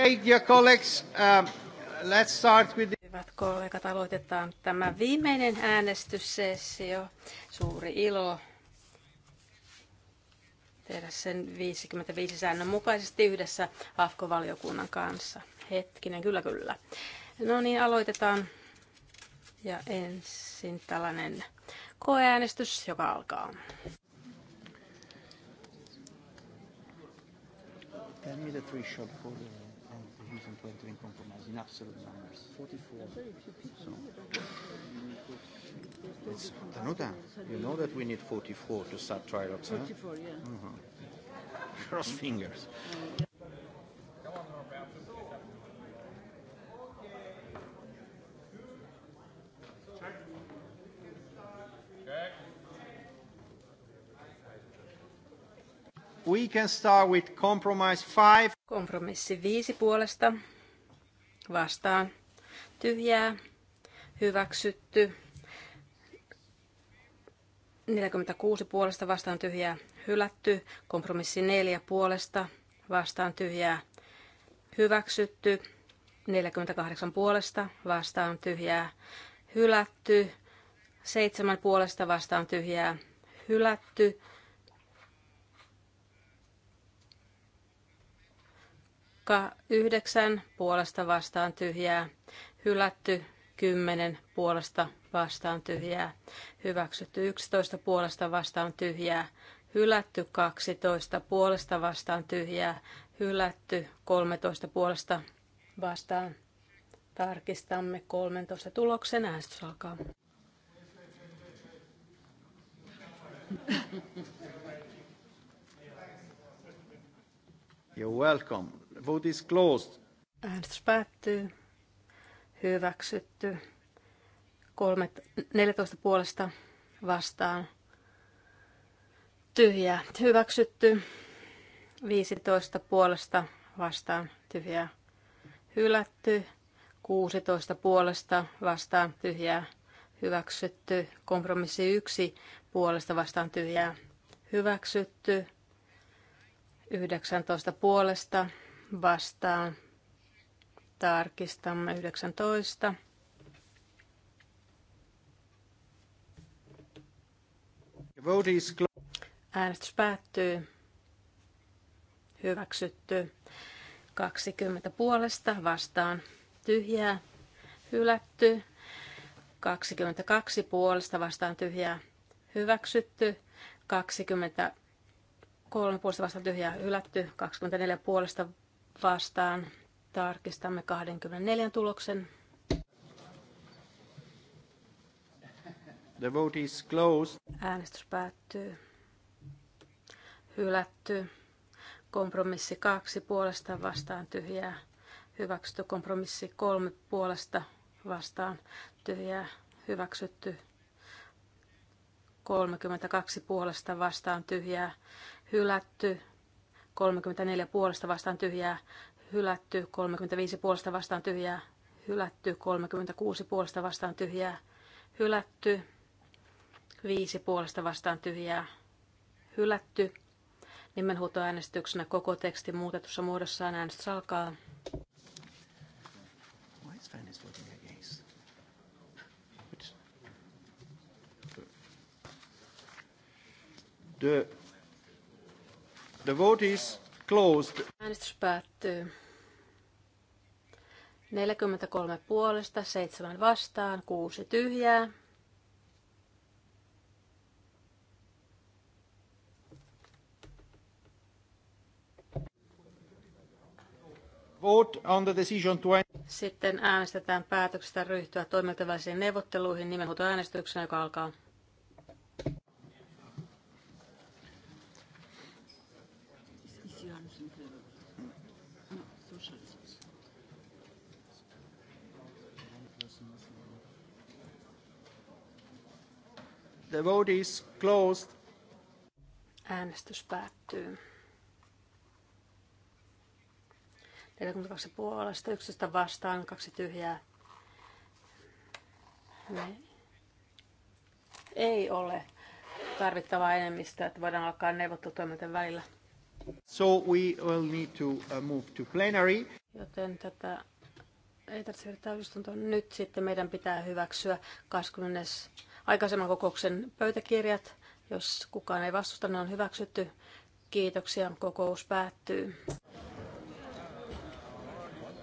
Um, let's start with Hyvät kollegat, aloitetaan tämä viimeinen äänestyssessio. Suuri ilo tehdä sen 55 säännön mukaisesti yhdessä AFKO-valiokunnan kanssa. Hetkinen, kyllä kyllä. No niin, aloitetaan. Ja ensin tällainen koeäänestys, joka alkaa. Tell me the three you you in compromise in absolute numbers. 44. So. It's, Danuta, you know that we need 44 to start trilogues, 44, huh? yeah. Mm-hmm. Cross fingers. We can start with compromise five. Kompromissi viisi puolesta. Vastaan. Tyhjää. Hyväksytty. 46 puolesta vastaan tyhjää hylätty. Kompromissi 4 puolesta vastaan tyhjää hyväksytty. 48 puolesta vastaan tyhjää hylätty. 7 puolesta vastaan tyhjää hylätty. yhdeksän puolesta vastaan tyhjää, hylätty kymmenen puolesta vastaan tyhjää, hyväksytty yksitoista puolesta vastaan tyhjää, hylätty kaksitoista puolesta vastaan tyhjää, hylätty kolmetoista puolesta vastaan. Tarkistamme 13 tuloksen äänestys alkaa. You're welcome. Vote is closed. Äänestys päättyy. Hyväksytty. 3, 14 puolesta vastaan. Tyhjää. Hyväksytty. 15 puolesta vastaan. Tyhjää. Hylätty. 16 puolesta vastaan. Tyhjää. Hyväksytty. Kompromissi 1 puolesta vastaan. Tyhjää. Hyväksytty. 19 puolesta vastaan. Tarkistamme 19. Äänestys päättyy. Hyväksytty. 20 puolesta vastaan tyhjää. Hylätty. 22 puolesta vastaan tyhjää. Hyväksytty. 20 kolme puolesta vastaan tyhjää hylätty, 24 puolesta vastaan. Tarkistamme 24 tuloksen. The vote is closed. Äänestys päättyy. Hylätty. Kompromissi kaksi puolesta vastaan tyhjää. Hyväksytty kompromissi kolme puolesta vastaan tyhjää. Hyväksytty 32 puolesta vastaan tyhjää. Hylätty 34 puolesta vastaan tyhjää hylätty, 35 puolesta vastaan tyhjää hylätty, 36 puolesta vastaan tyhjää hylätty, 5 puolesta vastaan tyhjää hylätty. Nimenhuutoäänestyksenä koko teksti muutetussa muodossaan äänestys alkaa. The The vote is closed. Äänestys päättyy. 43 puolesta, 7 vastaan, 6 tyhjää. Vote on the decision to Sitten äänestetään päätöksestä ryhtyä toimintavälisiin neuvotteluihin nimenhuutoäänestyksenä, joka alkaa. The vote is closed. Äänestys päättyy. 42 puolesta, 11 vastaan, kaksi tyhjää. Me ei ole tarvittavaa enemmistöä, että voidaan alkaa neuvottelutoimintojen välillä. So we will need to uh, move to plenary. Joten tätä ei tarvitse siirtää Nyt sitten meidän pitää hyväksyä 20. aikaisemman kokouksen pöytäkirjat. Jos kukaan ei vastusta, ne on hyväksytty. Kiitoksia. Kokous päättyy.